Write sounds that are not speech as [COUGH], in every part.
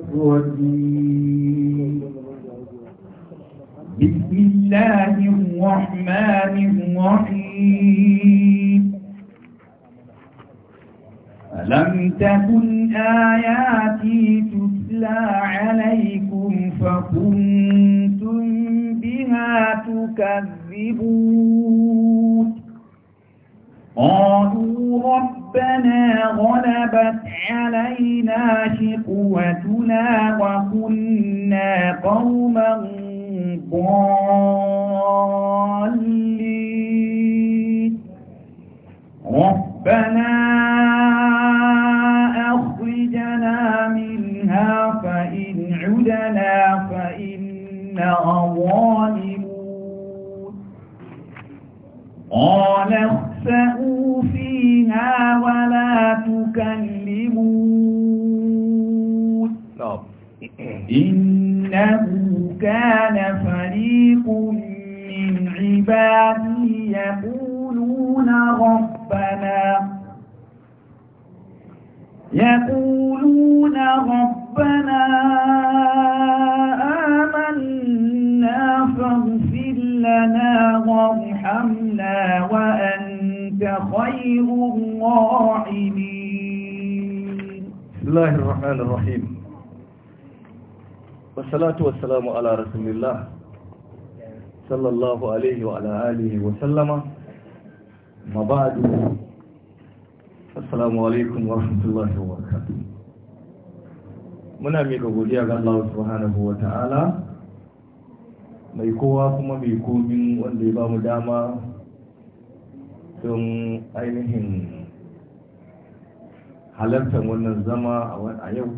الرجيم بسم الله الرحمن الرحيم ألم تكن آياتي تتلى عليكم فكنتم بها تكذبون قالوا رب ربنا غلبت علينا شقوتنا وكنا قوما ضالين ربنا أخرجنا منها فإن عدنا فإنا ظالمون قال تسأوا فيها ولا تكلمون نعم إنه كان فريق من عبادي يقولون ربنا يقولون ربنا غير الراحمين بسم الله الرحمن الرحيم والصلاة والسلام على رسول الله صلى الله عليه وعلى آله وسلم ما بعد السلام عليكم ورحمة الله وبركاته muna miƙa godiya ga Allah subhanahu wa ta'ala mai kowa kuma mai komin wanda ya ba mu dama don ainihin halartar wannan zama a yau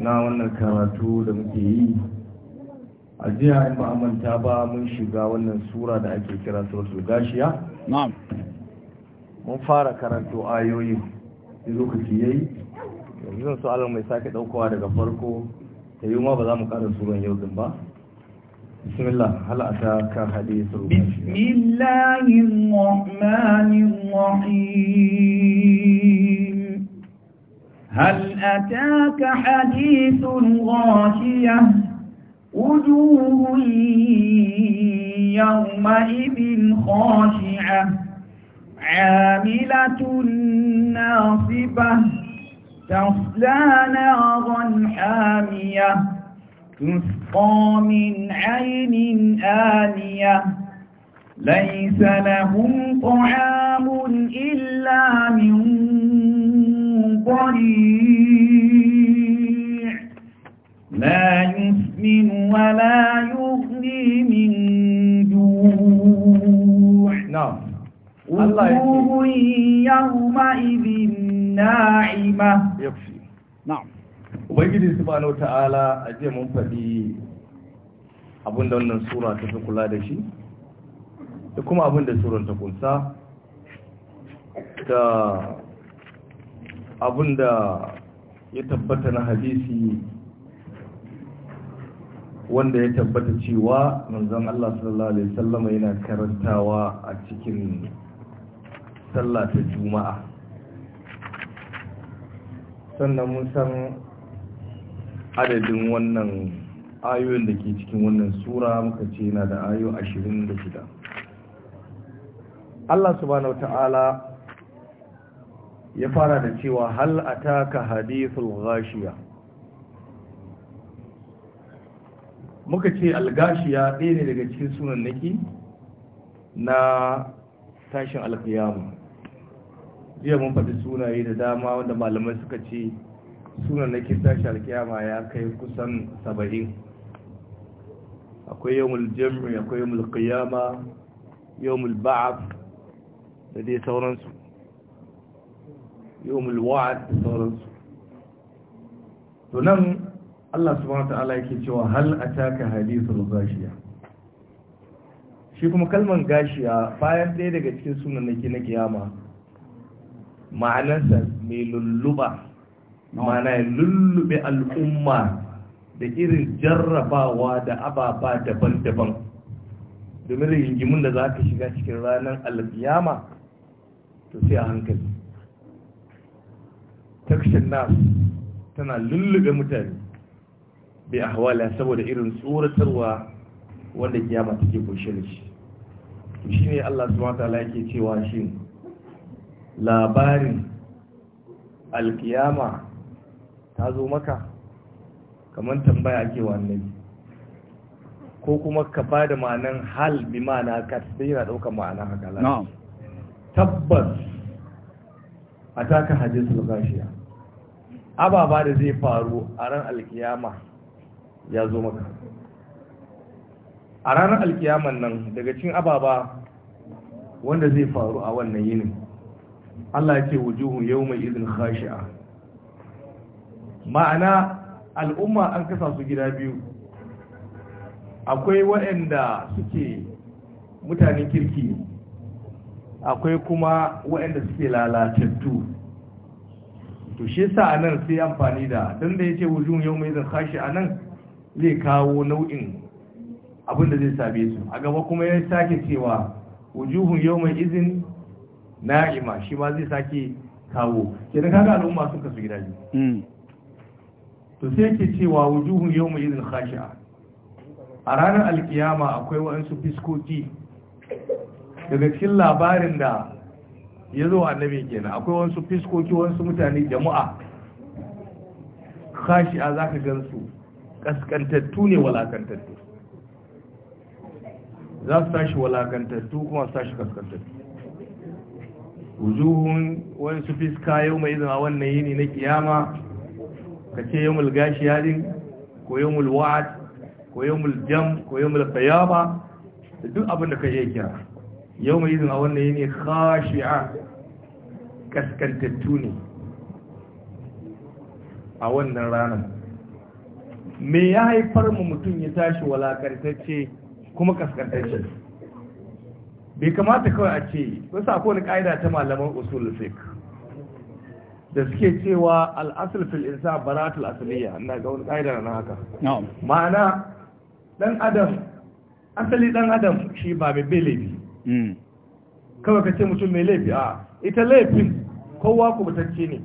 na wannan karatu da muke yi a jiya in ba amanta ba mun shiga wannan sura da ake kira suratul gashiya mun fara karanto ayoyi da lokaci yi? yanzu su mai sake daukowa daga farko ta yi ma ba za mu karin suran yau din ba بسم الله هل أتاك حديث بسم الله الرحمن الرحيم هل أتاك حديث غاشية وجوه يومئذ خاشعة عاملة ناصبة تصلى نارا حامية تسقى من عين آنية ليس لهم طعام إلا من ضريع لا يسمن ولا يغني من جوع نعم وجوه يومئذ ناعمة يكفي ubangiji subhanahu ta'ala a jiya mun faɗi abin da wannan sura ta fi kula da shi da kuma abin da surar ta kunsa da abin da ya tabbata na hadisi wanda ya tabbata cewa manzon Allah sallallahu alaihi yana karantawa a cikin sallah ta juma'a sannan mun san adadin wannan ayoyin da ke cikin wannan sura muka ce yana da ayo 26 Allah subhanahu ta'ala ya fara da cewa hal ataka hadithul ghashiya muka ce al-gashiya ɗaya ne daga cikin sunan naki na tashin alkiyamu jiya mun faɗi sunaye da dama wanda malamai suka ce sunan na kisa shalkiyama ya kai kusan saba'in akwai yawon jami'ai akwai yawon kiyama yawon ba'af da dai sauransu yawon wa'ad da sauransu to nan Allah subhanahu wa ta'ala yake cewa hal a ataka da gashiya shi kuma kalman gashiya bayan ɗaya daga cikin sunan na kiyama ma'anarsa mai lulluba mana lullube al'umma da irin jarrabawa da ababa daban-daban domin rigingimin da za ka shiga cikin ranar alfiyama to sai a hankali takshin nas tana lullube mutane bai ahwala saboda irin tsoratarwa wanda kiyama take kunshe da shi to shine Allah subhanahu wataala yake cewa shi labarin alkiyama ta zo maka kamar tambaya ake wa annabi ko kuma ka ba da ma'anan hal bi ma'ana ka sai yana ɗaukar ma'ana haka lafiya tabbas a taka su gashiya ababa da zai faru a ran alkiyama ya zo maka a ranar alkiyaman nan daga cikin ababa wanda zai faru a wannan yinin Allah ya ce wujuhun yau mai izin khashi'a ma'ana al'umma an kasa su gida biyu akwai waɗanda suke mutanen kirki akwai kuma waɗanda suke lalatattu to shi sa a nan sai amfani da don da ya ce wujun yau mai zarkashi a nan zai kawo nau'in abinda zai same su a gaba kuma ya sake cewa wujuhun yau mai izin na'ima shi ma zai sake kawo kenan kaga al'umma sun kasu gidaje to sai ke cewa wujuhun yawma izin khashi'a a ranar alkiyama akwai waɗansu fiskoki daga cikin labarin da ya zo annabi kenan akwai wasu fiskoki wasu mutane jama'a khashi'a gan gansu kaskantattu ne walakantattu za su tashi walakantattu kuma su tashi kaskantattu wujuhun wasu fiska yau mai zama wannan yini na kiyama ka ce yawmul gashiyarin ko yawmul wa'ad ko yawmul jam ko yawmul qiyama da duk abin da ka je kira yau mai izin a wannan yi ne khashi'a kaskantattu ne a wannan ranar me ya haifar mu mutum ya tashi walakantacce kuma kaskantacce bai kamata kawai a ce wasu akwai wani ƙa'ida ta malaman usul fiqh da suke cewa al'asul fil insa baratul asliya ina ga wani kaida na haka ma'ana dan adam asali dan adam shi ba mai bai laifi mm. kawai ka ce mutum mai laifi a ita laifin kowa kubutacce ne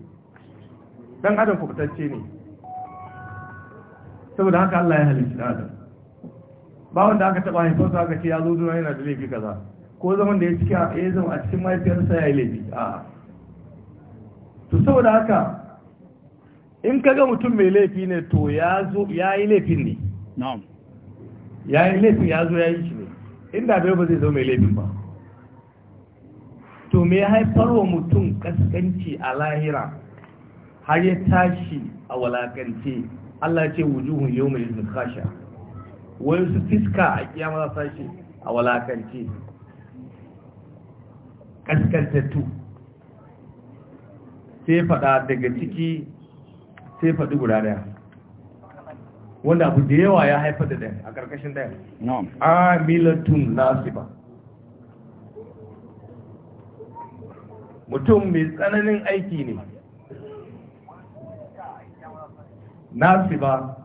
dan adam kubutacce ne saboda haka Allah ya halitta dan adam ba wanda aka taba sa aka ce ya zo duniya yana da laifi kaza ko zaman da ya cika ya zama a cikin mahaifiyarsa ya yi laifi a'a to saboda haka in ka ga mutum mai laifi ne to ya zo ya yi laifin ne ya yi laifin ya zo ya yi shi ne inda bai ba zai zo mai laifin ba to me ya haifar wa mutum kaskanci a lahira har ya tashi a walakance Allah ce wujuhun yau mai zukasha wani su fiska a kiyama za a walakance kaskantattu sai faɗa daga ciki sai faɗi guda daya wanda abu da yawa ya haifar da daya a ƙarƙashin daya milatun nasiba mutum mai tsananin aiki ne nasiba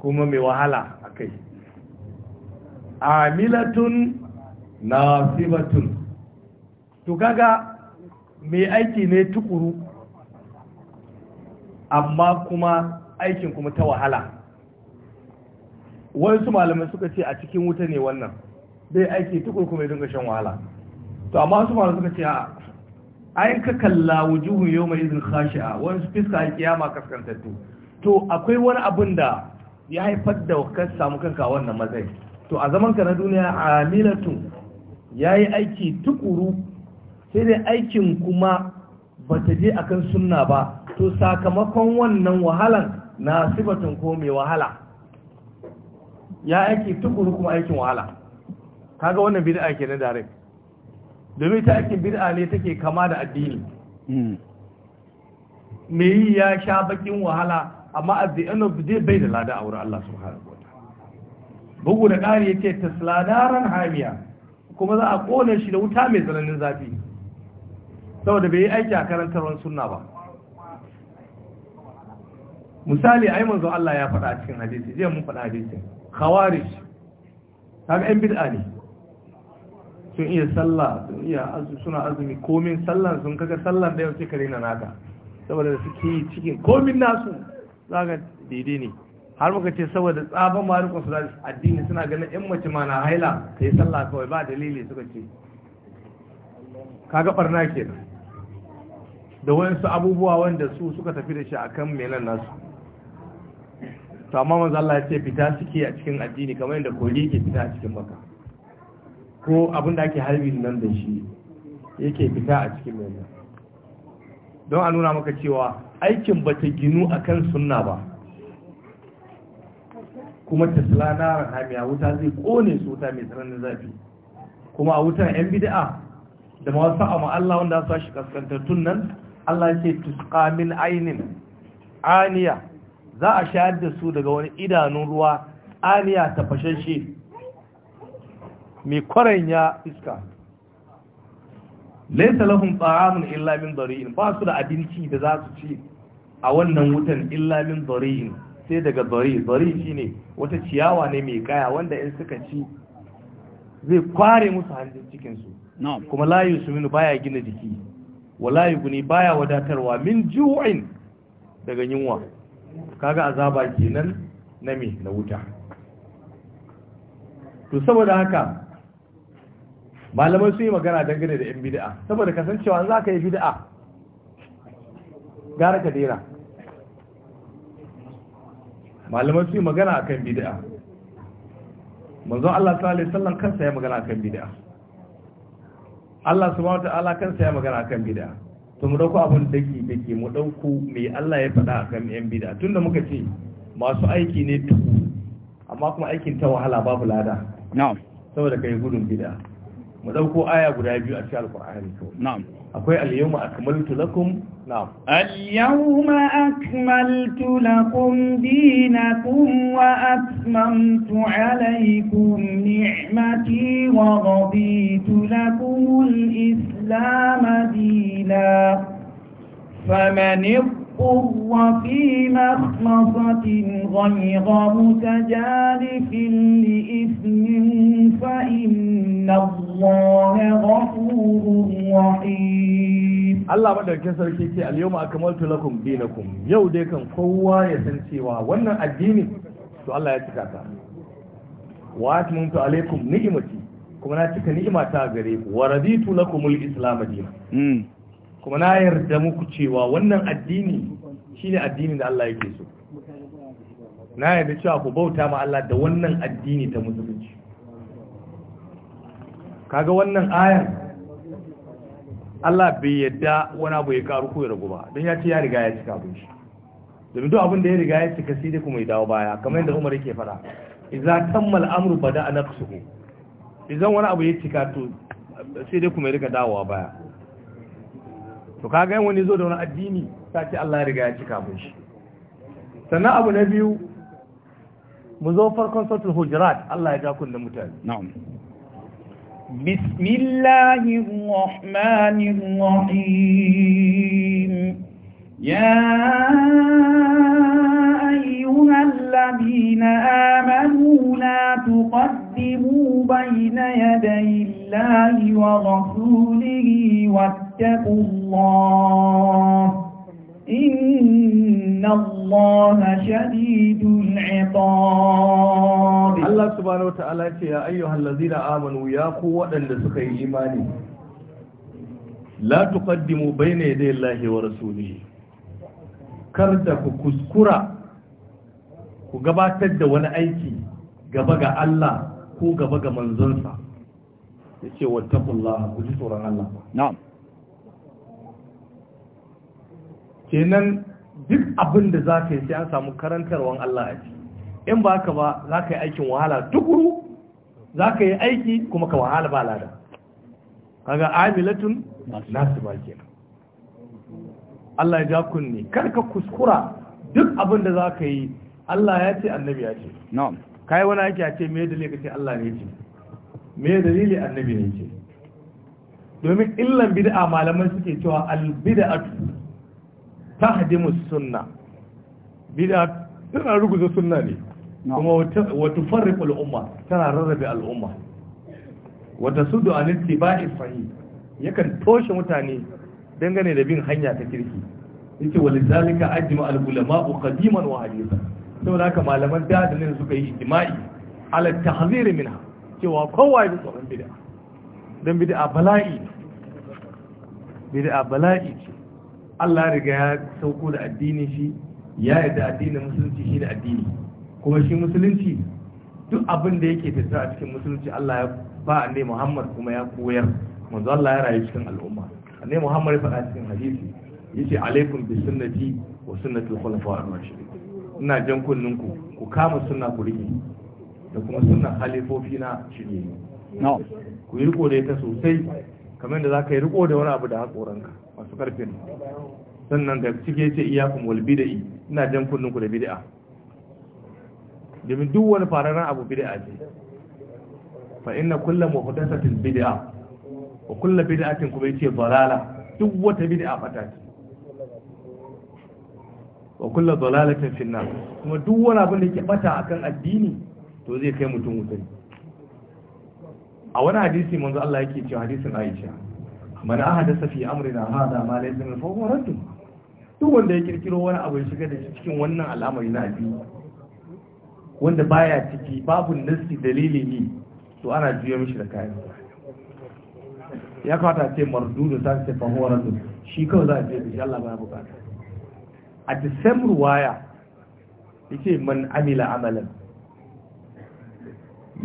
kuma mai wahala a kai amilatun nasibatun to kaga mai aiki ne tukuru amma kuma aikin kuma ta wahala wasu malamai suka ce a cikin wuta ne wannan zai aiki tukuru kuma ya dinga shan wahala to amma su malamai suka ce a ai ka kalla wujuhun yau mai izin khashi'a wani fiska a kiyama kaskantattu to akwai wani abin da ya haifar da ka samu kanka wannan matsayi to a zaman ka na duniya amilatu yi aiki tukuru sai dai aikin kuma ba ta je kan sunna ba to sakamakon wannan wahalan na sifatin ko mai wahala ya aiki tukuru kuma aikin wahala kaga wannan bid'a ke na dare. domin ta aikin bid'a ne take kama da addini hmm. me yi ya sha bakin wahala amma at the end of the day bai da lada a wurin Allah subhanahu wa bugu da ƙari ya ta tasladaran hamiya kuma za a kone shi da wuta mai tsananin zafi saboda bai yi aiki a karantarwar suna ba misali ai manzo Allah ya faɗa cikin hadisi zai mun faɗa hadisi khawarij kaga ɗan bid'a ne sun iya sallah sun iya suna azumi komin sallan sun kaga sallan da yau sai kare na naka saboda suke yi cikin komin nasu zaka daidai ne har muka ce saboda tsaban marikon su addini suna ganin yan mace ma na haila ta yi sallah kawai ba dalili suka ce kaga barna kenan da wayansu abubuwa wanda su suka tafi da shi akan menan nasu to amma manzo Allah ya ce fita suke a cikin addini kamar yadda koli ke fita a cikin baka ko abin da ake harbi nan da shi yake fita a cikin menan don a nuna maka cewa aikin ba ta ginu akan sunna ba kuma ta na hamiya wuta zai kone su wuta mai tsananin zafi kuma a wutar yan bid'a da masu a Allah wanda za su shi kaskantattun nan Allah ce tusqa min ainin aniya za a shayar da su daga wani idanun ruwa aniya tafashashe mai kwaranya iska laisa lahum ta'amun illa min ba su da abinci da za su ci a wannan wutan illa min sai daga dhari dhari shine wata ciyawa ne mai kaya wanda in suka ci zai kware musu hannun cikinsu. su kuma la yusminu baya gina jiki wala yuguni baya wadatarwa min ju'in daga yunwa kaga azaba kenan na me na wuta to saboda haka malamai sun yi magana dangane da yan bid'a saboda kasancewa za ka yi bid'a gara ka dera malamai sun yi magana akan bid'a manzon Allah sallallahu alaihi wasallam kansa ya magana akan bid'a Allah wata ta'ala kan saya magana akan bid'a to mu dauko abun da dake mu dauko me Allah ya faɗa akan yan bid'a tunda muka ce masu aiki ne tuku amma kuma aikin ta wahala babu lada na'am saboda kai gudun bid'a mu dauko aya guda biyu a cikin alqur'ani to na'am akwai al-yawma akmaltu lakum na'am al-yawma akmaltu lakum dinakum wa atmamtu alaykum ni'mati wa raditu lakum al-islam dinan faman اضطر في مخمصة غير متجالف لإثم فإن الله Allah غفور رحيم الله sarki ce al-yawma akmaltu lakum dinakum yau dai kan kowa ya san cewa wannan addini to Allah ya cika ta wa atmamtu alaikum ni'mati kuma na cika ni'imata gare ku wa raditu lakumul islam dinan hmm. kuma na yarda muku cewa wannan addini shine addinin da Allah yake so na yarda cewa ku bauta ma Allah da wannan addini ta musulunci kaga wannan ayan Allah bai yadda wani abu ya karu ko ya ragu ba don ya ce ya riga ya cika abin shi domin duk abin da ya riga ya cika sai dai kuma ya dawo baya kamar yadda Umar yake fara idza tammal amru bada naqsuhu idan wani abu ya cika to sai dai kuma ya riga dawowa baya to kaga yan wani zo da wani addini ta ce Allah ya riga ya cika abin shi sannan abu na biyu mu zo farkon sautul hujurat Allah ya ja kullum mutane na'am بسم الله الرحمن الرحيم يا أيها الذين آمنوا لا تقدموا بين يدي الله ورسوله واتقوا الله إن الله الله شديد العقاب الله سبحانه وتعالى يا ايها الذين امنوا يا قوادن da suka yi imani la tuqaddimu bayna yaday Allah wa rasulihi karda ku kuskura ku gabatar da wani aiki gaba ga Allah ko gaba ga manzonsa yace wattaqullaha ku ji tsoron Allah kenan duk abin da za ka yi sai an samu karantarwan Allah a ci in ba ka ba za ka yi aikin wahala tukuru za ka yi aiki kuma ka wahala ba lada kaga amilatun nasu ba ke Allah ya ja kunne kar ka kuskura duk abin da za ka yi Allah ya ce annabi ya ce na'am kai wani aiki a ce me dalili ka ce Allah ne ce me dalili annabi ne ce domin illan bid'a malaman suke cewa al bid'atu tahdimu sunna bid'a tana ruguza sunna ne kuma wata farin al'umma tana rarrabe al'umma wata sudu tasudu an ittiba'i sahih yakan toshe mutane dangane da bin hanya ta kirki Wani walizalika ajma al-ulama'u qadiman wa hadithan saboda haka malaman da ne suka yi ijma'i ala tahzir minha cewa kowa ya tsoron bid'a dan bid'a bala'i bid'a bala'i Allah ya riga ya sauko da addinin shi ya yarda addinin musulunci shi da addini kuma shi musulunci duk abin da yake tattara a cikin musulunci Allah ya ba annabi Muhammad kuma ya koyar manzo Allah ya rayu cikin al'umma annabi Muhammad ya faɗa cikin hadisi yace alaikum bi sunnati wa sunnati al-khulafa ar-rashidin ina jan kunninku ku kama sunna ku rike da kuma sunna khalifofi na shirye no ku yi riko da ita sosai kamar da zaka yi riko da wani abu da hakoranka masu karfin sannan ga cike ce iyakun kun bid'i ina jan kullun ku da bid'a domin duk wani fararen abu bid'a ce fa inna kulla muhdathatin bid'a wa kullu bid'atin kuma yace dalala duk wata bid'a fata ce wa kullu dalalatin fi nar kuma duk wani abin da yake bata akan addini to zai kai mutum wutar a wani hadisi manzo Allah yake cewa hadisin Aisha man ahadasa fi amrina hada ma laysa min fa huwa duk wanda ya kirkiro wani abu ya shiga da shi cikin wannan al'amari na addini wanda baya ciki babu nassi dalili ne to ana juya mishi da kayan ya kawata ce mardudu ta ce fahuwar su shi kawai za a je da shi Allah ya bukata a the same ruwaya yace man amila amalan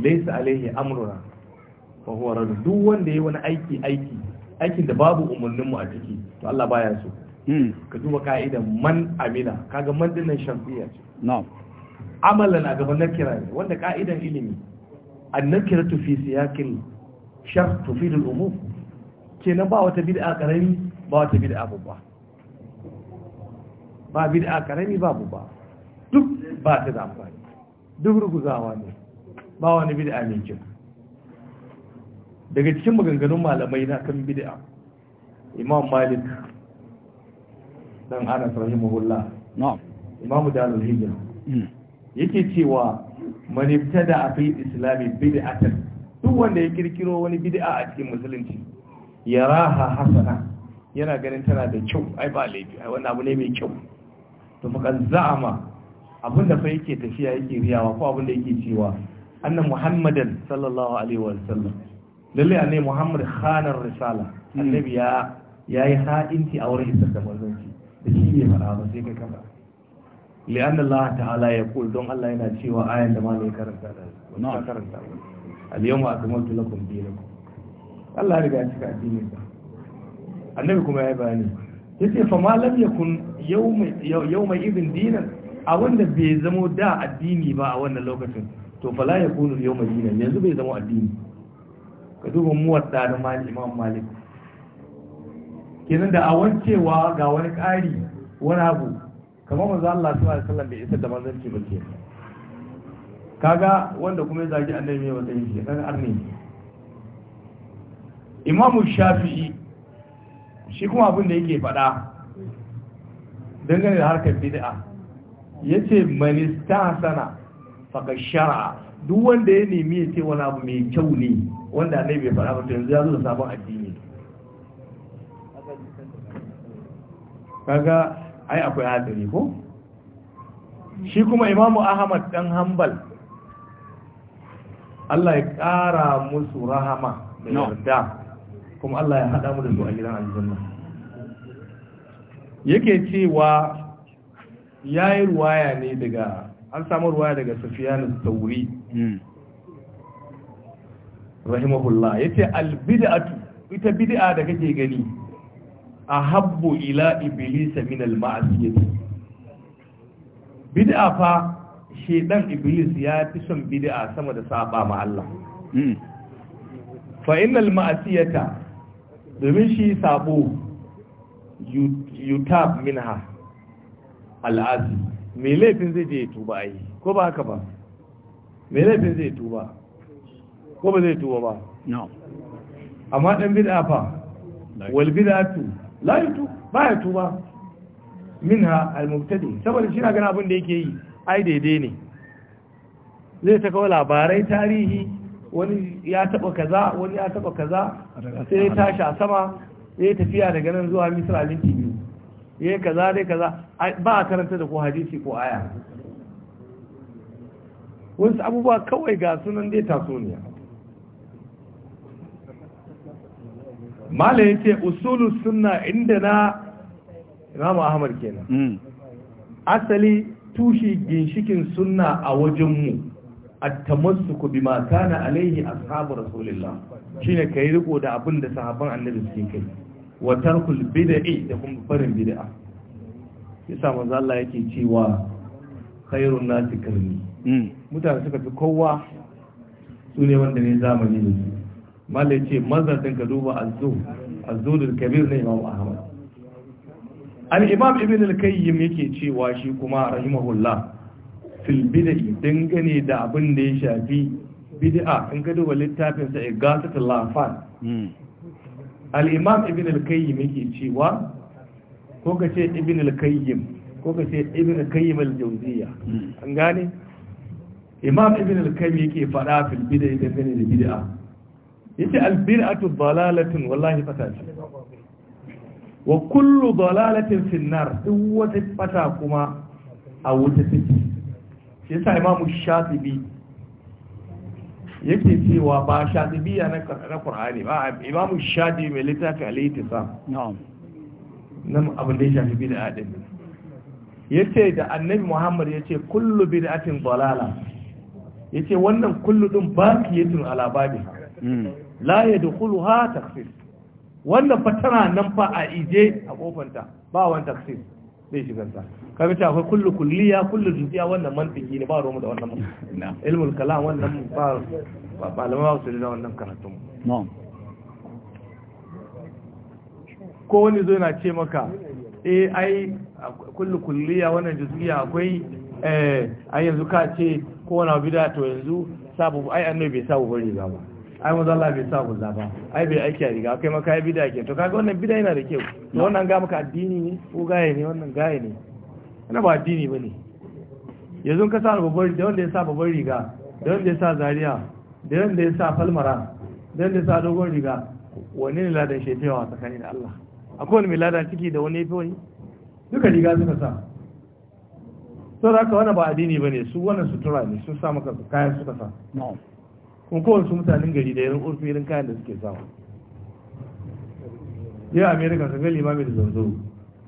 laysa alaihi amruna fahuwar duk wanda yayi wani aiki aiki aikin da babu umarninmu a ciki to Allah baya so Hmm. ka duba ka'idan man amina kaga man dinnan shamsiyya ce amala na gaban nakira ne wanda ka'idan ilimi annakira tufi siyakin shar tufidu Ke nan ba wata bid'a karami ba wata bid'a babba ba bid'a karami ba babba duk ba ta da amfani duk ruguzawa ne ba wani bid'a mai jin daga cikin maganganun malamai na kan bid'a imam malik dan Anas rahimahullah na'am imamu dalil hijra hmm. yake cewa man ibtada fi islami bid'atan duk wanda ya kirkiro wani bid'a a cikin musulunci yaraha hasana yana ganin tana da kyau ai ba laifi ai wannan abu ne mai kyau to fakan za'ama da fa yake tafiya yake riyawa ko abin abinda yake cewa annan muhammadan sallallahu alaihi wa sallam lalle annabi muhammad khanar risala hmm. annabi ya yayi ha'inci a wurin isar da manzanci da shi bai fara ba sai kai kaza li'an Allah ta'ala ya kul don Allah yana cewa ayan da malai karanta da na karanta al-yawma akmaltu lakum dinakum Allah riga ya cika addinin sa annabi kuma ya yi bayani yace fa ma lam yakun yawma yawma ibn dinan a wanda bai zamo da addini ba a wannan lokacin to fa la yakunu yawma dinan yanzu bai zamo addini ka duba wadda da mali imam malik kenan da a wancewa ga wani ƙari wani abu kamar manzo Allah su alaihi wasallam bai isar da manzanci ba ke kaga wanda kuma ya zagi annabi mai wata ya kaga arni imamu shafi'i shi kuma abin da yake faɗa dangane da harkar bid'a yace manista sana' faka shar'a duk wanda ya nemi ya ce wani abu mai kyau ne wanda annabi bai faɗa ba to yanzu ya zo da sabon addini kaga ai akwai hadari ko shi kuma imamu ahmad dan hanbal Allah ya ƙara musu rahama da yarda kuma Allah ya haɗa mu da su a gidan aljanna yake cewa yayi ruwaya ne daga an samu ruwaya daga Sufyan al-Thawri hmm. rahimahullah yace al-bid'atu ita bid'a da kake gani ahabbu ila iblis min al-ma'siyah bid'a fa shedan iblis ya fi son bid'a sama da saba ma Allah hmm. fa innal ma'siyata domin shi sabo yutab minha al-azmi me laifin zai je tuba ai ko ba haka ba me laifin zai tuba ko ba zai tuba ba amma dan bid'a fa wal bid'atu la ba baya tuba minha al saboda shi na gana abin da yake yi ai daidai ne zai ta kawo labarai tarihi wani ya taba kaza wani ya taba kaza sai ya tashi a sama ya tafiya daga nan zuwa misra linki biyu ya yi kaza dai kaza ba a karanta da ko hadisi ko aya wasu abubuwa kawai ga sunan dai tasoniya mala yace usulu sunna inda na Imam Ahmad kenan mm. asali tushe ginshikin sunna a wajenmu at-tamassuku bima kana alaihi ashabu rasulillah shine kai riko da abin da sahabban annabi suke kai wa tarkul bid'i da kuma barin bid'a yasa manzo Allah yake cewa khairun nasi mm. mutane suka fi kowa su ne wanda ne zamani da su Malle ce mazar din ka duba azzu da kabir na imam ahmad al-imam ibn al-kayyim yake cewa shi kuma rahimahullah fil bid'i dangane da abin da ya shafi bid'a in ka duba littafin sa al lafan hmm. al-imam ibn al-kayyim yake cewa ko ka ce ibn al-kayyim ko ka ce ibn al-kayyim al-jawziya hmm. an gane imam ibn al-kayyim yake fada fil bid'a dangane da bid'a yace albin'atu dalalatin wallahi fata wa kullu dalalatin finnar duk wata fata kuma a wuta take shi yasa imamu shafi'i yake cewa ba shafi'iyya na na Qur'ani ba imamu shafi'i mai littafi al na'am nan abin da ya shafi adam yace da annabi Muhammad yace kullu bid'atin dalala yace wannan kullu din yatin ala babiha hmm. la ha taksir wannan fa tana nan fa a ije a kofanta ba wani taksir zai shiganta, ta kaga ta akwai kullu kulliya kullu zuciya wannan mantiki ne ba romu da wannan ilmul kalam wannan ba malama ba su da wannan karatu ko wani zo na ce maka eh ai kullu kulliya wannan juziya akwai eh ai yanzu ka ce ko wani abu da to yanzu sabu ai annabi bai sabu bari ba ai maza Allah bai sa za ba ai bai aiki a riga akai maka bida ke to kaga wannan bida yana da kyau to wannan ga maka addini ne ko gaye ne wannan gaye ne ana ba addini bane yanzu ka sa babban da wanda ya sa babban riga da wanda ya sa zaria da wanda ya sa falmara da wanda ya sa dogon riga wani ne ladan shefewa tsakanin da Allah akwai wani mai ladan ciki da wani yafi wani duka riga suka sa to da haka wannan ba addini bane su wannan sutura ne sun sa maka kayan suka sa kun kowane su mutanen gari da yin urfi irin kayan da suke samu yau amerika sun ga limami da zanzu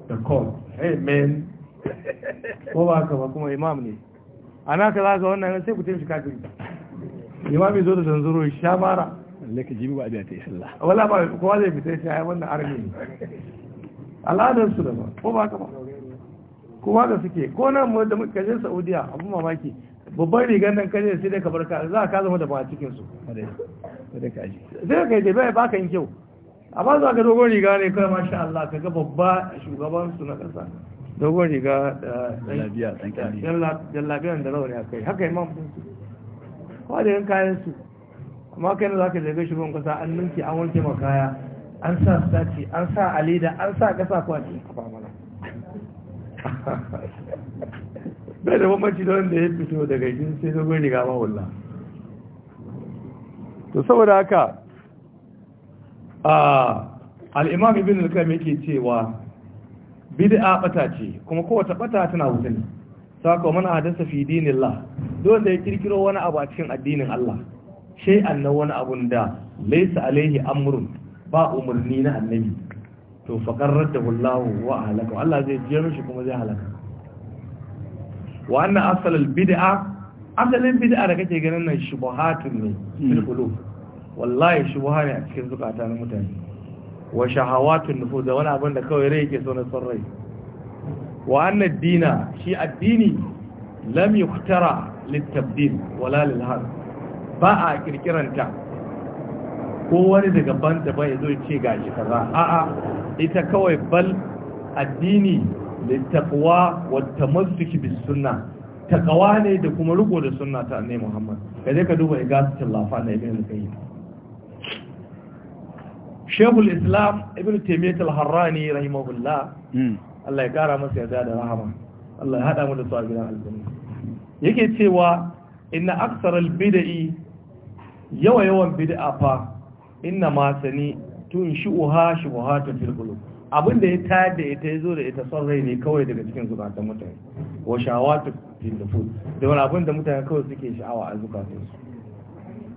da kol hey man ko ba ka ba kuma imam ne a naka za ga wannan sai ku tafi kafin imami zo da zanzuru sha mara laka jibi ba a biya ta isalla wala ba kowa zai fita shi wannan armi ne su da ba ko ba haka ba kowa da suke ko nan mu da muka je saudiya abin mamaki babban rigar nan kaje sai dai ka ka za ka zama da ba a cikin su sai ka je bai baka yin kyau a ba za ka dogon riga ne kai masha Allah ka ga babba shugaban su na kasa dogon riga da jallabiyan da rawar a kai haka imam kwa da yin kayan su amma kai na za ka zaga shugaban kasa an ninki an wanke makaya an sa sace an sa alida an sa kasa kwaci a [LAUGHS] bai da mamaci da wanda ya fito daga yin sai dogon riga mahulla to saboda haka al'imam ibn al-kam yake cewa bid'a bata ce kuma kowace bata tana wuta ne mana hadasa fi dinillah don da ya kirkiro wani abu a cikin addinin Allah shay anna wani abun da laysa alaihi amrun ba umarni na annabi to faqarrata wallahu wa halaka Allah zai jiyar shi kuma zai halaka wa asalin bid'a asalin bid'a da kake ganin nan shubuhatun ne fil hmm. wallahi ne a cikin zukata na mutane wa shahawatun nufuz wani abin da kawai rai yake so na son rai wa dina shi addini lam yuktara litabdil wala lil ba a kirkiranta ko wani daga banda ba ya zo ya ce gashi kaza a'a ita kawai bal addini littaqwa wa tamassuki bis sunna taqwa ne da kuma riko da sunna ta annabi Muhammad kaje ka duba igatul lafa na ibn al-qayyim Sheikhul Islam Ibn Taimaitar al-Harrani rahimahullah Allah ya kara masa yadda da rahama Allah ya hada mu da su a gidan aljanna yake cewa inna aktsaral bid'i yawa yawan bid'a fa inna ma sani tun shuha shuhatu fil qulub abin da ya tayar da ita ya zo da ita son rai ne kawai daga cikin zukatan mutane wa shawatu fil nufus da wani abin da mutane kawai suke sha'awa a zukatan su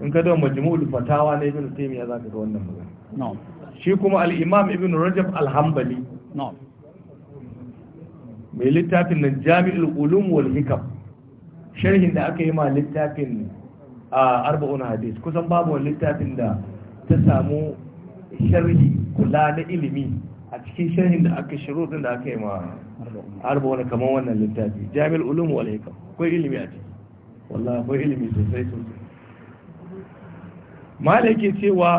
in ka dawo majmu'ul fatawa na ibn taymiya ka ga wannan magana shi kuma al-imam ibn rajab al-hanbali mai littafin nan jami'ul ulum wal hikam sharhin da aka yi ma littafin a arba'un hadis kusan babu wani littafin da ta samu sharhi kula na ilimi a cikin sharhin da aka shiro din da aka yi ma arba wani kamar wannan littafi jami'ul ulum wal hikam akwai ilimi a ciki wallahi akwai ilimi sosai sosai malaki cewa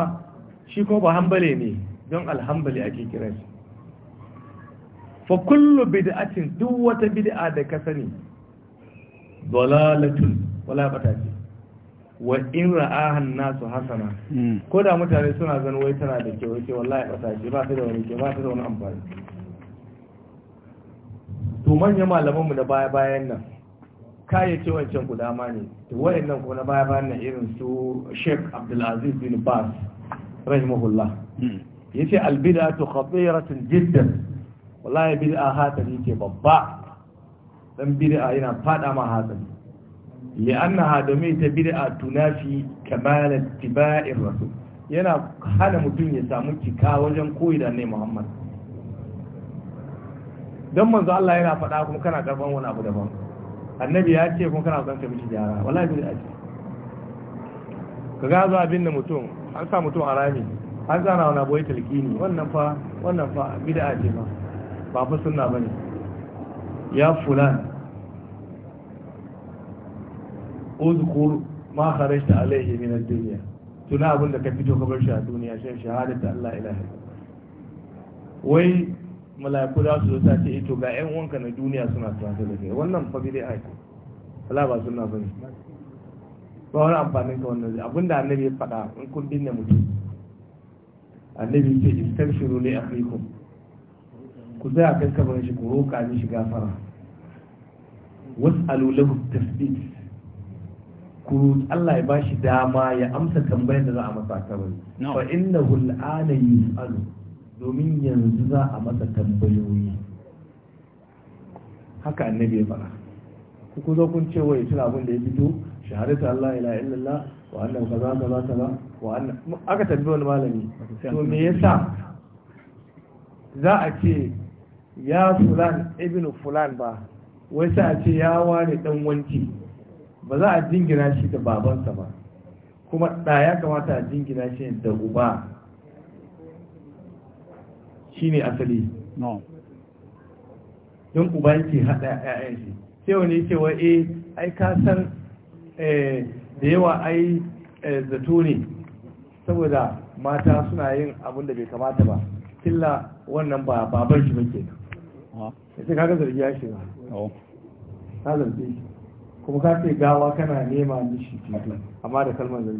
shi ko ba hambale ne don alhambali ake kiran shi fa kullu bid'atin duk wata bid'a da ka sani dalalatun wala bata ce wa in ra'ahan nasu hasana hmm. ko da mutane suna zan wai tana da kyau yake wallahi ba ta ba ta da wani ke ba ta da wani amfani to manyan malaman mu da baya bayan nan kayan ce wancan ku dama ne to nan ko na baya bayan nan irin su Sheikh Abdul Aziz bin Bas rahimahullah hmm. yace al bid'atu khatiratun jiddan wallahi bid'a hatari ke babba dan bid'a yana fada ma hatari li'annaha domin ta bid'a tunafi kamal ittiba'ir rasul yana hana mutum ya samu cika wajen koyi da annabi Muhammad don manzo Allah yana faɗa kuma kana karban wani abu daban annabi ya ce kuma kana son ka mishi gyara wallahi bi da ka ga zo abin mutum an sa mutum a rami an zana wani abu wannan fa wannan fa bid'a ba ba fa sunna bane ya fulan uzkur ma kharajta alayhi min ad-dunya tuna abin da ka fito ka bar shi a duniya shan shahadata Allah ilaha wai mala'iku za su zo ta ce ito eh, ga yan uwanka na duniya suna tsaye da kai wannan fa dai ake Allah ba sunna bane ba wani amfanin ka wannan abin da annabi ya faɗa in kun binne mutum annabi ce istaghfiru li akhikum ku a kai kabarin shi ku roƙa mishi gafara wasu alulahu tasbih ku Allah ya bashi dama ya amsa tambayar da za a masa kabari fa innahu al'ana yus'alu domin yanzu za a masa tambayoyi haka annabi ya faɗa ku zo kun ce wai tuna abin da ya fito shahadatu Allah ila illallah wa annahu kaza kaza kaza wa anna aka tambaye wani malami to me yasa za a ce ya fulan ibnu fulan ba wai sai a ce ya ware dan wanki ba za a jingina shi da babansa ba kuma ɗaya ya kamata a jingina shi da uba shi ne asali don uba yake haɗa ‘ya'yan shi sai wani ce wa e eh, ai san eh, da yawa ai eh, zato ne saboda mata suna yin abin da bai kamata ba killa wannan ba baban shi ba ke sai kaga zargi ya shiga oh. ka zargi shi kuma ka ce gawa kana nema mishi amma da kalmar zai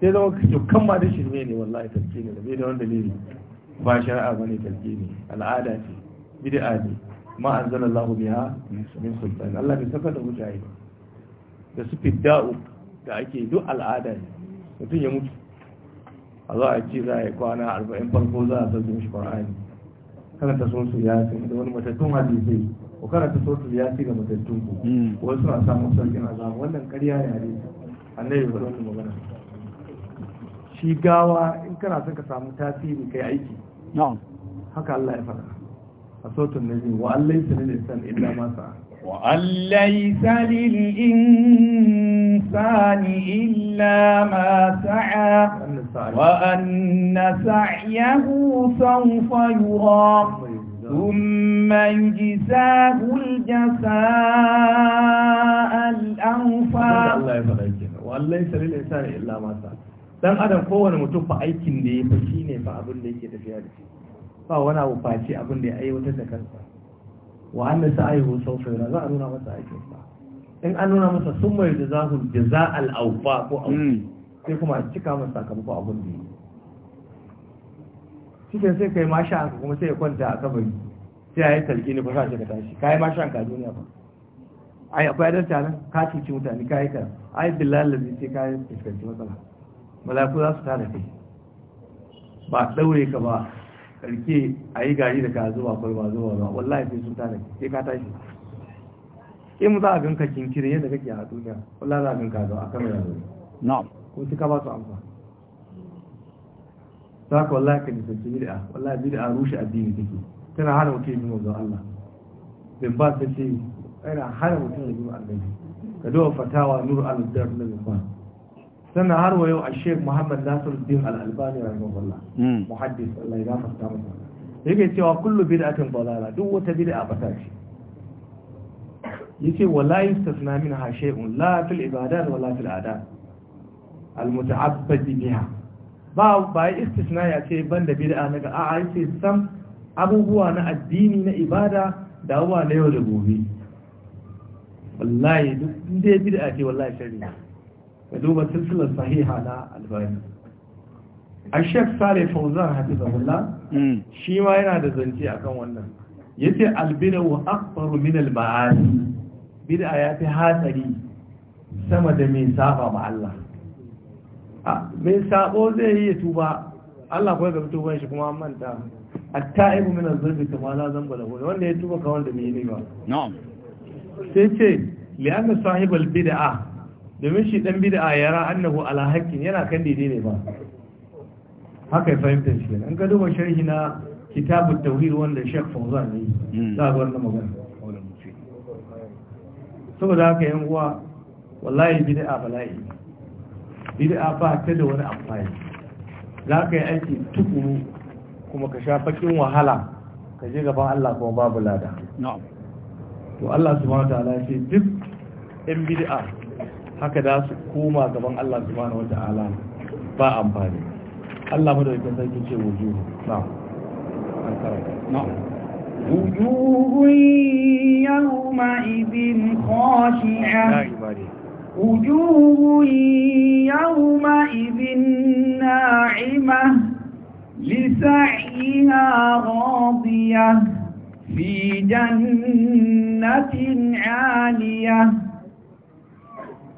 sai zama ka kan ma da shi ne wallahi tarki ne da bai da wanda dalili ba shari'a ne, tarki ne al'ada ce bid'a ne ma anzalallahu biha min sultan Allah bai saka da mutane da su fidda'u da ake duk al'ada ne mutum ya mutu a za a ce za a yi kwana arba'in farko za a sauke mishi qur'ani kana ta sun su ya sun da wani matattun hadisi ku karanta sotul ya ci ga matattun ku hmm. wasu na samun sauƙin azaba wannan ƙarya ne hadisi annabi ba wannan magana shi gawa in kana son ka samu tasiri kai aiki haka Allah ya faɗa a na jin wa allaysa lil insani illa ma sa'a wa allaysa lil insani illa ma sa'a wa anna sa'yahu sawfa yura ثم يجزاه الجزاء الأوفى الله يفعل وأن ليس للإنسان إلا ما سعى dan adam kowane mutum fa aikin da ya fa shine fa abin da yake tafiya da shi ba wani abu face abin da ya aiwatar da kansa wa anna sa'ihu sawfa yura za a nuna masa aikin sa in an nuna masa summa yajzahu jazaa'al awfa ko hmm. sai kuma a cika masa sakamako abin da yake suke sai kai masha hanka kuma sai ya kwanta a kabari sai ya yi talƙi ne ba sa shi ka tashi ka yi masha hanka a duniya ba ai akwai adar nan? ka cuci mutane ka yi ka ai billahi lalzi sai ka yi fuskanci matsala malaku za su tada kai ba ɗaure ka ba karke a yi gari da ka zuwa kwalba zuwa ba wallahi sai sun tada sai ka tashi in za a ganka kinkirin yadda kake a duniya wallahi za a ganka zuwa a kamar yanzu na'am ko sai ka ba su amfani za ka wallahi ka nisanci bid'a wallahi bid'a rushe addini take tana hana mutum yin wanzu Allah bin ba ta ce yana hana mutum yin annabi ka duba fatawa nur al-dar na bin sannan har wa yau a sheik muhammad nasiruddin al-albani rahimahullah hmm. muhaddis Allah ya gafarta masa yake cewa kullu bid'atin dalala duk wata bid'a bata ce yace wala yustasna minha shay'un la fil ibadat wala fil adat al-muta'abbad biha ba ba istisna ya ce ban da bid'a naga ga a ce sam abubuwa na addini na ibada da abubuwa na yau da gobe wallahi duk inda ya bid'a ce wallahi shari'a ka duba silsilar sahiha na albani a shek sale fauzan hafizahullah hmm. shi ma yana da zance akan wannan Ya ce albina wa akbaru min al-ma'asi bid'a ya fi hatsari sama da mai saba ma Allah mai sabo zai yi tuba Allah kawai gaba tuban shi kuma manta a min az-zulmi kama la zamba lahu wanda ya tuba ka wanda mai yi ba na'am sai ce li'anna sahibal bid'a domin shi dan bid'a ra annahu ala haqqin yana kan daidai ne ba haka ya fahimta shi an ka duba sharhi na kitabut tauhid wanda Sheikh Fawzan ne hmm. za ga wannan magana saboda haka yan uwa wallahi bid'a bala'i bid'a ba ta da wani amfani za ka yi aiki tukuru kuma ka sha fakin wahala ka je gaban Allah kuma babu lada to Allah subhanahu wataala ce duk yan bid'a haka da su koma gaban Allah subhanahu wataala ba amfani Allah madaukakin sarki ce wuju وجوه يومئذ خاشعة وجوه يومئذ ناعمة لسعيها راضية في جنة عالية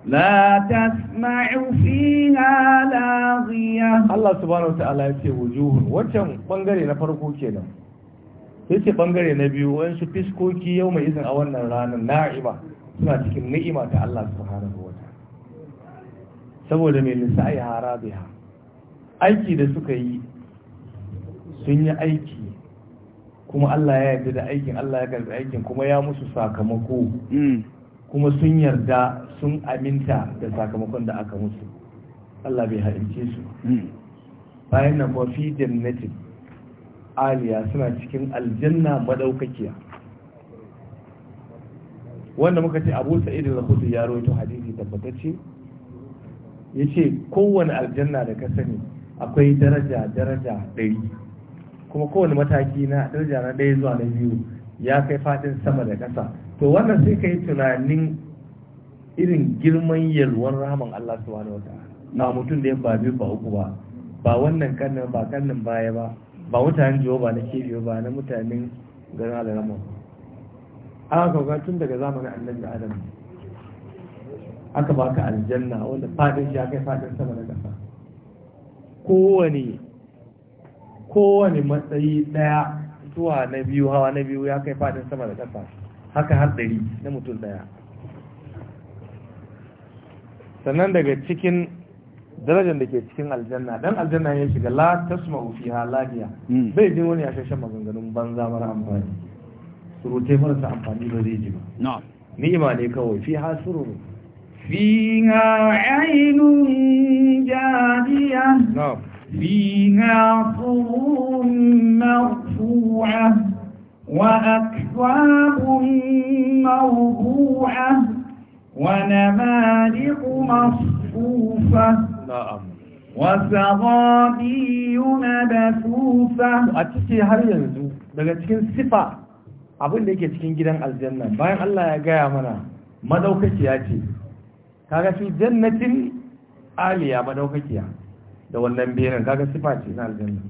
لا تسمع فيها لاغية الله سبحانه وتعالى يتي وجوه وكم بانغري نفرقو كده sai ce bangare na biyu wani su fiskoki yau mai izin a wannan ranar na'ima suna cikin ni'ima ta Allah subhanahu saboda mai hara biya aiki da suka yi sun yi aiki kuma Allah ya yarda da aikin Allah ya karbi aikin kuma ya musu sakamako mm. kuma sun yarda sun aminta da sakamakon da aka musu Allah bai harince su mm. bayan nan ba fi jannatin aliya suna cikin aljanna madaukakiya wanda muka ce abu sa'id al-khudri ya rawaito hadisi tabbatacce ya ce kowane aljanna da ka sani akwai daraja daraja ɗari kuma kowane mataki na daraja na ɗaya zuwa na biyu ya kai faɗin sama da kasa to wannan sai ka yi tunanin irin girman yalwar ramin Allah subhanahu wa wata. na mutum da ya ba biyu ba uku ba ba wannan kannin ba kannin baya ba ba mutanen jiwo ba na kebiyo ba na mutanen garin an haka tun daga zamanin annabi adam aka baka aljanna wanda fadin shi aka fadin sama da ƙasa kowane kowane matsayi ɗaya zuwa na biyu hawa na biyu ya kai fadin sama da ƙasa haka har ɗari na mutum ɗaya sannan daga cikin darajar da ke cikin aljanna dan aljanna ya shiga la tasma'u fiha lagiya hmm. bai jin wani ashashen maganganun banza mara amfani surutai marasa amfani ba zai ji ba ni'ima ne kawai fiha sururu فيها عين جارية نعم فيها صور مرفوعة وأكواب مرفوعة ونمارق مصفوفة نعم وسغابي مبثوثة أتكي هل ينزو daga cikin sifa abin da yake cikin gidan aljanna bayan Allah ya gaya mana madaukakiya ce kaga fi jannatin aliya madaukakiya da wannan benin kaga sifa ce na aljanna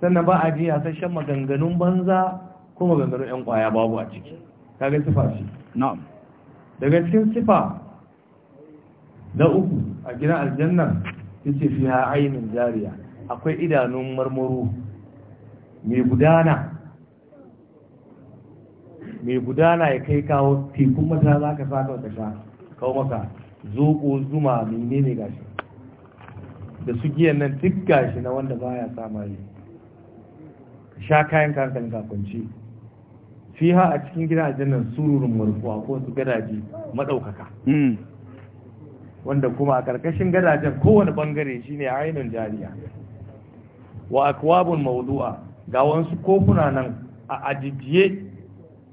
sannan ba a ji shan maganganun banza ko maganganun yan kwaya babu a ciki kaga sifa ce na'am daga cikin sifa na uku a gidan aljannar yace fiha ainin jariya akwai idanun marmaro mai gudana mai gudana ya kai kawo tekun mata za ka sa ka sha kawo maka zuƙo zuma ne gashi da su giyan nan duk gashi na wanda baya samari sha kayan kankan kakunci fiha a cikin gidajen nan sururin murfuwa ko su gadaje maɗaukaka hmm. wanda kuma a ƙarƙashin gadajen kowane ɓangare shine ainihin jariya wa akwabun maudu'a ga wasu kofuna nan a ajijiye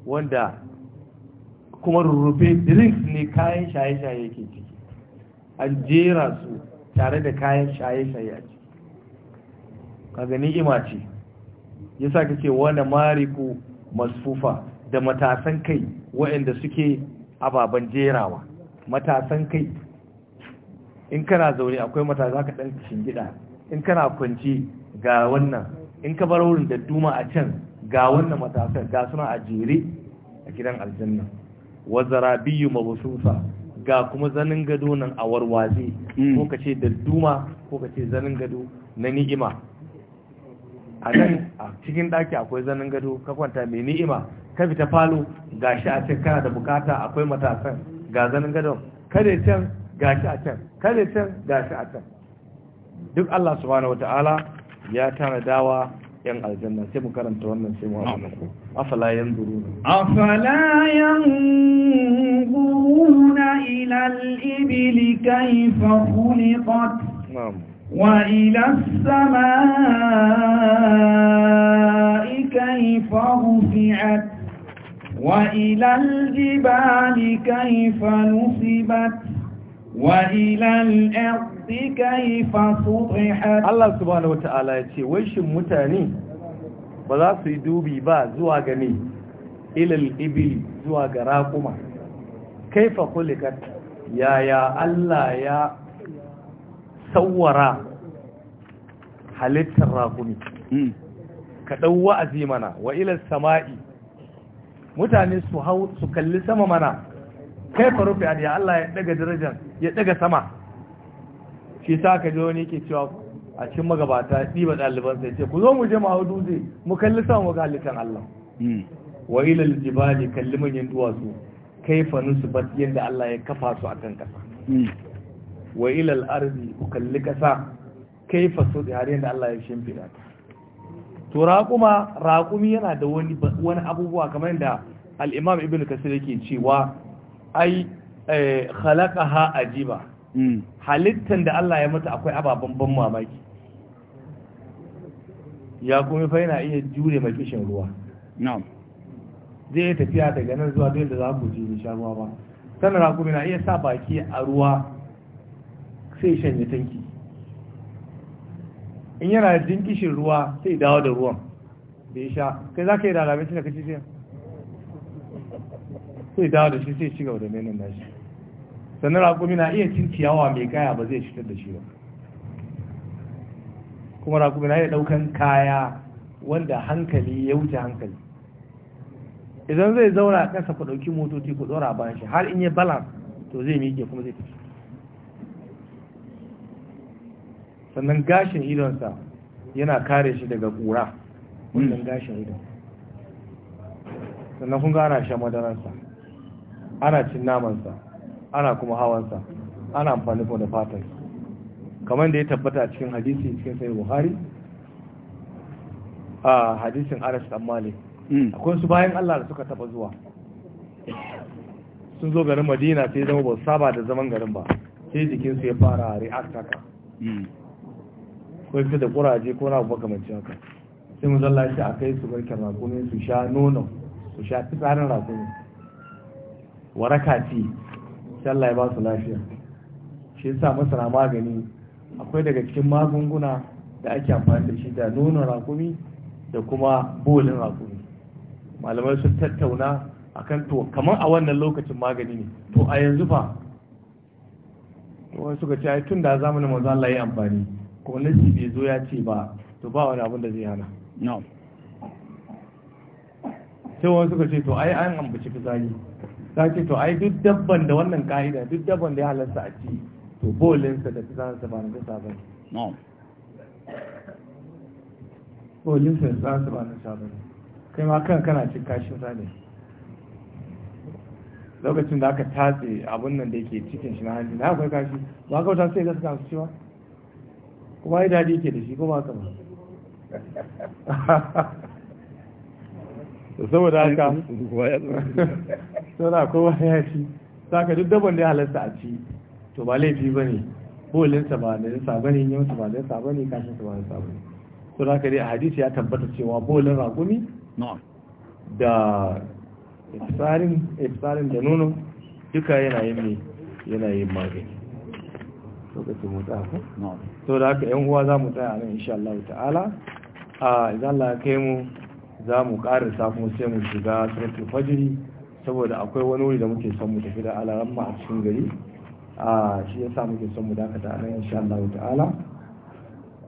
wanda kuma rurrufe drinks ne kayan shaye-shaye ke ci an jera su tare da kayan shaye-shaye a ciki kaga Ima ce yasa ce wani mariku masufa da matasan kai waɗanda suke ababen jerawa matasan kai in kana zaune akwai matasa ka ɗan shingida in kana kwanci ga wannan in ka bar wurin da duma a can ga wannan matasan ga suna a jere a gidan aljanna wa zarabiyu mabusufa ga kuma zanin gado nan a warwaze mm. ko ka ce dalduma ko ka ce zanin gado na ni'ima a nan a cikin ɗaki akwai zanin gado ka kwanta mai ni'ima ka fita falo gashi a can kana da bukata akwai matasan ga zanin gado kare can shi a can kare can gashi a can duk Allah subhanahu wata'ala ya tana dawa yan aljanna sai mu karanta wannan sai mu amana afala yanzuruna afala yanzuruna ila al-ibli kayfa khuliqat na'am wa ila as-samaa'i kayfa rufi'at wa ila al-jibali kayfa nusibat wa ila al-ardh nafsi kaifa subihat Allah subhanahu wataala ya ce wai shin mutane ba za su yi dubi ba zuwa ga ilal ibil zuwa ga raquma kaifa khuliqat yaya Allah ya sawwara halittar raquma hmm. ka dau wa'azi mana wa ilal sama'i mutane su hau su kalli sama mana kaifa rufi ya Allah ya daga darajar ya daga sama ke sa ka ji wani ke cewa a cikin magabata ɗiba ɗaliban sai ce ku zo mu je mu hau dutse mu kalli sa mu ga halittar Allah hmm. wa ilal jibali kalli mun yin duwatsu kaifa ba yadda Allah ya kafa su akan kasa hmm. wa ilal arzi ku kalli kasa kaifa su da yadda Allah ya shimfida ta to raƙuma raƙumi yana da wani wani abubuwa kamar da al-Imam Ibn Kasir yake cewa ai eh, khalaqaha ajiba halittan da Allah ya mata akwai ababen ban mamaki ya kuma fa yana iya jure mai kishin ruwa na'am zai yi tafiya daga nan zuwa da za ku ji sha ruwa ba sannan kuma na iya sa baki a ruwa sai shanye tanki in yana jin kishin ruwa sai dawo da ruwan da ya sha kai za ka yi da alamin shi na kaci sai dawo da shi sai ci gaba da menin nashi sannan raƙumi na iya cin ciyawa mai kaya ba zai cutar da shi ba kuma raƙumi na iya ɗaukan kaya wanda hankali ya wuce hankali idan zai zauna ƙasa ku ɗauki motoci ku ɗora bayan shi har in yi balan to zai miƙe kuma zai tafi sannan gashin idonsa yana kare shi daga ƙura wannan gashin idon sannan kun ga ana shan madaransa ana cin namansa ana kuma hawansa ana amfani da fatar kamar da ya tabbata a cikin hadisi cikin sai buhari a hadisin aras dan malik hmm. akwai su bayan Allah da suka taba zuwa sun zo garin madina sai zama ba saba da zaman garin ba sai jikinsu ya fara a haka hmm. ko fita da kuraje ko na mace haka sai mu zalla shi a kai su barkar rakumi su sha nono su sha fitsarin rakumi waraka ce sai ya ba su lafiya shi ya sa masana magani akwai daga cikin magunguna da ake amfani da shi da nonon rakumi da kuma bolin rakumi malamai sun tattauna a kan to kamar a wannan lokacin magani ne to a yanzu fa wani suka ce ai tun da zamanin mazan layi amfani kuma nasi bai zo ya ce ba to ba wani abin da zai hana sai wani suka ce to ai an ambaci fitsari ta ce to ai duk dabban da wannan ka'ida duk dabban da ya halarta a ci to bolinsa da fitsarinsa ba na gasa ba ne bolinsa da fitsarinsa ba na gasa ba ne kai ma kan kana cin kashin sa ne lokacin da aka tatse abun nan da yake cikin shi na hanji na akwai kashi ba ka wata sai gasa kansu cewa kuma yi daɗi ke da shi ko ba ka ba [LAUGHS] saboda haka [LAUGHS] saboda kowa ya ci saka duk dabon da ya a ci to ba laifi ba ne bolinsa ba da ya ba ne yinsa ba da ya ba ne kashin ba da nisa ba ne to da dai a hadisi ya tabbata cewa bolin ragumi da ifsarin da nono duka yana yin ne yana yin magani Sau mu tsaka to da haka yan uwa za mu tsaya nan insha Allah ta'ala a idan Allah ya kai mu za mu ƙara samu sai mu shiga suratul fajiri saboda akwai wani wuri da muke son mu tafi da ma a cikin gari a shi sa muke son mu dakata nan insha Allah ta'ala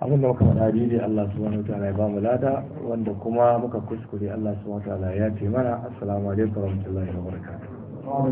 abin da muka faɗa daidai Allah subhanahu ta'ala ya bamu lada wanda kuma muka kuskure Allah subhanahu ta'ala ya ce mana assalamu alaikum ya wabarakatuh